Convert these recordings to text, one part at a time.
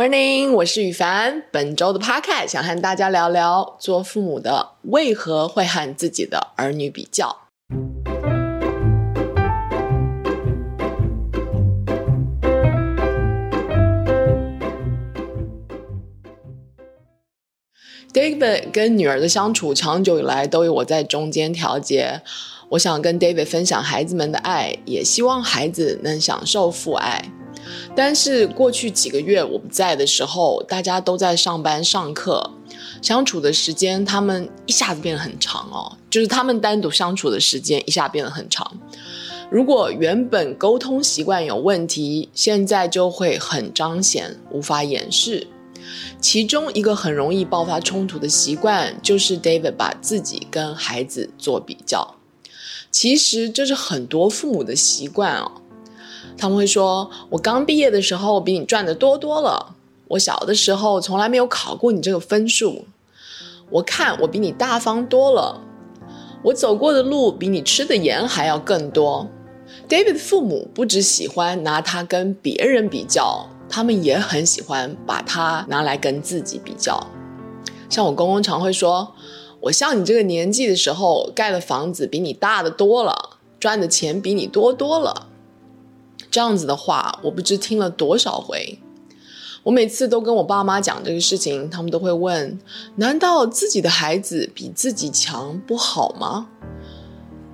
Morning，我是宇凡。本周的 podcast，想和大家聊聊做父母的為何會和自己的兒女比較。David 跟女兒的相處長久以來都有我在中間調節。我想跟 David 分享孩子們的愛，也希望孩子能享受父愛。但是過去幾個月我不在的時候，大家都在上班、上課，相處的時間他們一下子變得很長哦，就是他們單獨相處的時間一下變得很長。如果原本溝通習慣有問題，現在就會很彰顯，無法掩飾。其中一個很容易爆發衝突的習慣，就是 David 把自己跟孩子做比較。其實這是很多父母的習慣哦。他們會說：“我剛畢業的時候比你賺的多多了。我小的時候從來沒有考過你這個分數。我看我比你大方多了。我走過的路比你吃的鹽還要更多。” David 的父母不只喜歡拿他跟別人比較，他們也很喜歡把他拿來跟自己比較。像我公公常會說：“我像你這個年紀的時候，蓋的房子比你大得多了，賺的錢比你多多了。”這樣子的話，我不知聽了多少回。我每次都跟我爸媽講這個事情，他們都會問：“難道自己的孩子比自己強不好嗎？”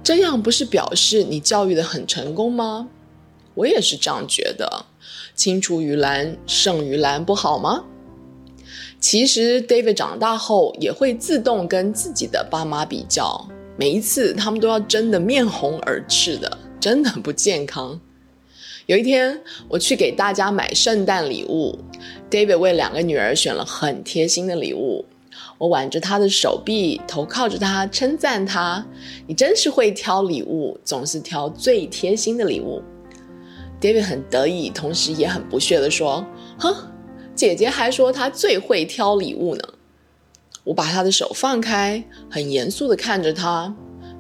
這樣不是表示你教育得很成功嗎？我也是這樣覺得。青出於藍勝於藍不好嗎？其實 David 長大後也會自動跟自己的爸媽比較，每一次他們都要爭得面紅耳赤的，真的很不健康。有一天，我去給大家買聖誕禮物。David 為兩個女兒選了很貼心的禮物。我挽着她的手臂，頭靠著她，稱讚她：「你真是會挑禮物，總是挑最貼心的禮物。”David 很得意，同時也很不屑地說：“哼，姐姐還說她最會挑禮物呢。”我把她的手放開，很嚴肅地看着她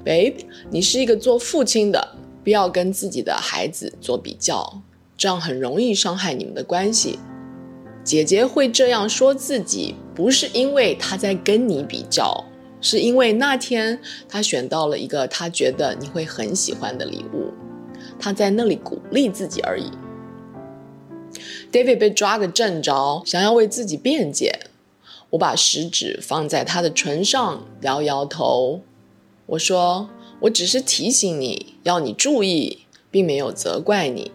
，Babe，你是一個做父親的。”不要跟自己的孩子做比較，這樣很容易傷害你們的關係。姐姐會這樣說自己，不是因為她在跟你比較，是因為那天她選到了一個她覺得你會很喜歡的禮物，她在那裡鼓勵自己而已。David 被抓個正着，想要為自己辯解，我把食指放在他的唇上，搖搖頭，我說。我只是提醒你，要你注意，並沒有責怪你。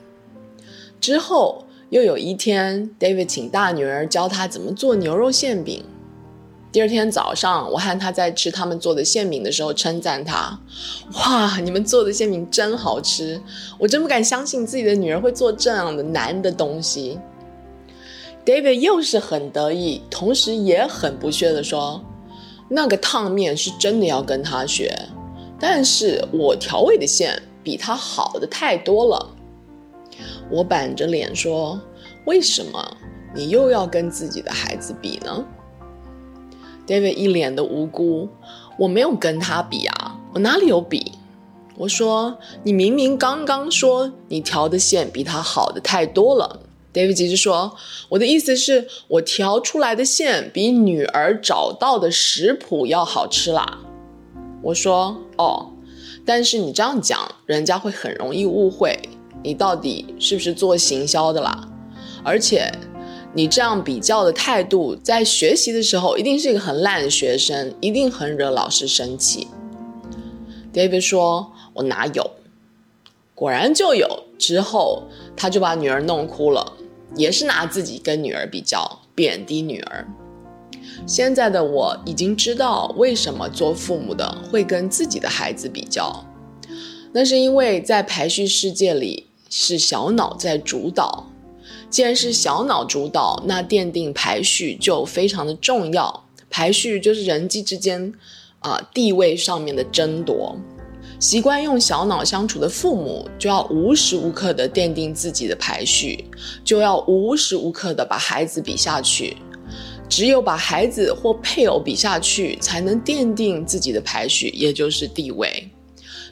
之後又有一天，David 請大女兒教他怎麼做牛肉餡餅。第二天早上，我和他在吃他們做的餡餅的時候，稱讚他：“哇，你們做的餡餅真好吃！我真不敢相信自己的女兒會做這樣的難的東西。”David 又是很得意，同時也很不屑的說：“那個燙麵是真的要跟他學。”但是我調味的餡比他好的太多了。我板着臉說：“為什麼你又要跟自己的孩子比呢？”David 一臉的無辜：“我沒有跟他比啊，我哪裡有比？”我說：“你明明剛剛說你調的餡比他好的太多了。”David 急着說：“我的意思是我調出來的餡比女兒找到的食譜要好吃啦。”我說哦，但是你這樣講，人家會很容易誤會你到底是不是做行銷的啦。而且，你這樣比較的態度，在學習的時候一定是一個很爛的學生，一定很惹老師生氣。David 說：“我哪有？”果然就有。之後他就把女兒弄哭了，也是拿自己跟女兒比較，貶低女兒。現在的我已經知道為什麼做父母的會跟自己的孩子比較，那是因為在排序世界裡是小腦在主導。既然是小腦主導，那奠定排序就非常的重要。排序就是人際之間啊，地位上面的爭奪。習慣用小腦相處的父母，就要無時無刻的奠定自己的排序，就要無時無刻的把孩子比下去。只有把孩子或配偶比下去，才能奠定自己的排序，也就是地位。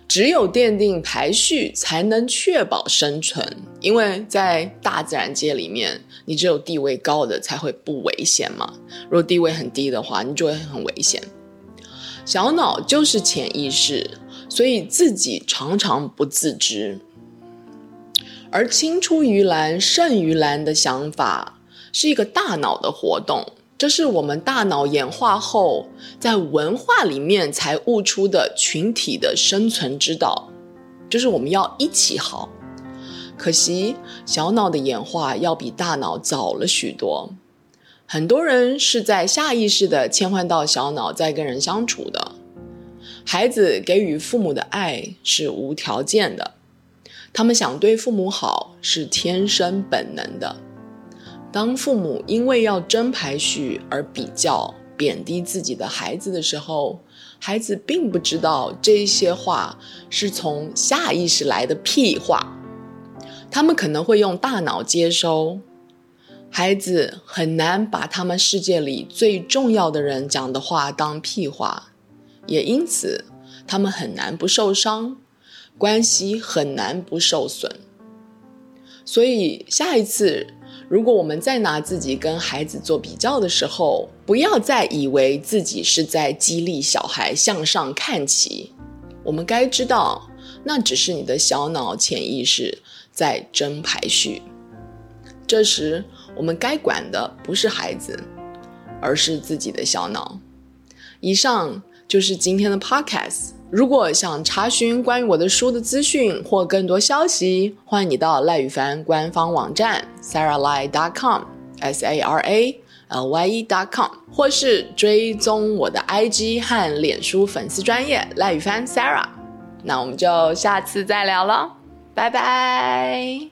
只有奠定排序，才能確保生存。因為在大自然界裡面，你只有地位高的才會不危險嘛。如果地位很低的話，你就會很危險。小腦就是潛意識，所以自己常常不自知。而“青出於藍勝於藍”的想法是一個大腦的活動。這是我們大腦演化後在文化裡面才悟出的群體的生存之道，就是我們要一起好。可惜小腦的演化要比大腦早了許多，很多人是在下意識地切換到小腦再跟人相處的。孩子給予父母的愛是無條件的，他們想對父母好是天生本能的。當父母因為要爭排序而比較、貶低自己的孩子的時候，孩子並不知道這些話是從下意識來的屁話，他們可能會用大腦接收。孩子很難把他們世界裡最重要的人講的話當屁話，也因此，他們很難不受傷，關係很難不受損。所以下一次，如果我們再拿自己跟孩子做比較的時候，不要再以為自己是在激勵小孩向上看齊，我們該知道，那只是你的小腦潛意識在爭排序。這時，我們該管的不是孩子，而是自己的小腦。以上就是今天的 Podcast。如果想查詢關於我的書的資訊或更多消息，歡迎你到賴宇凡官方網站 saralye dot com s a r a l y e dot com，或是追蹤我的 IG 和臉書粉絲專頁，賴宇凡 Sara。那我們就下次再聊咯，拜拜。